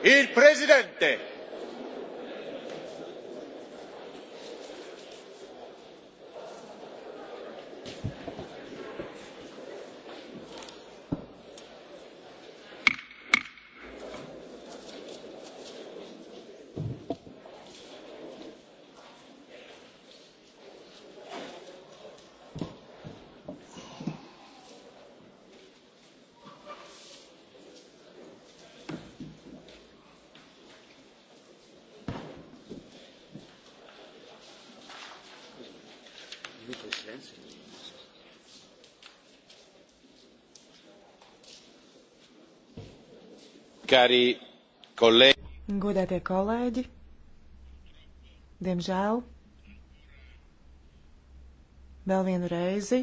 Il Presidente. Cari kolēģi. Godētie kolēģi, diemžēl vēl vienu reizi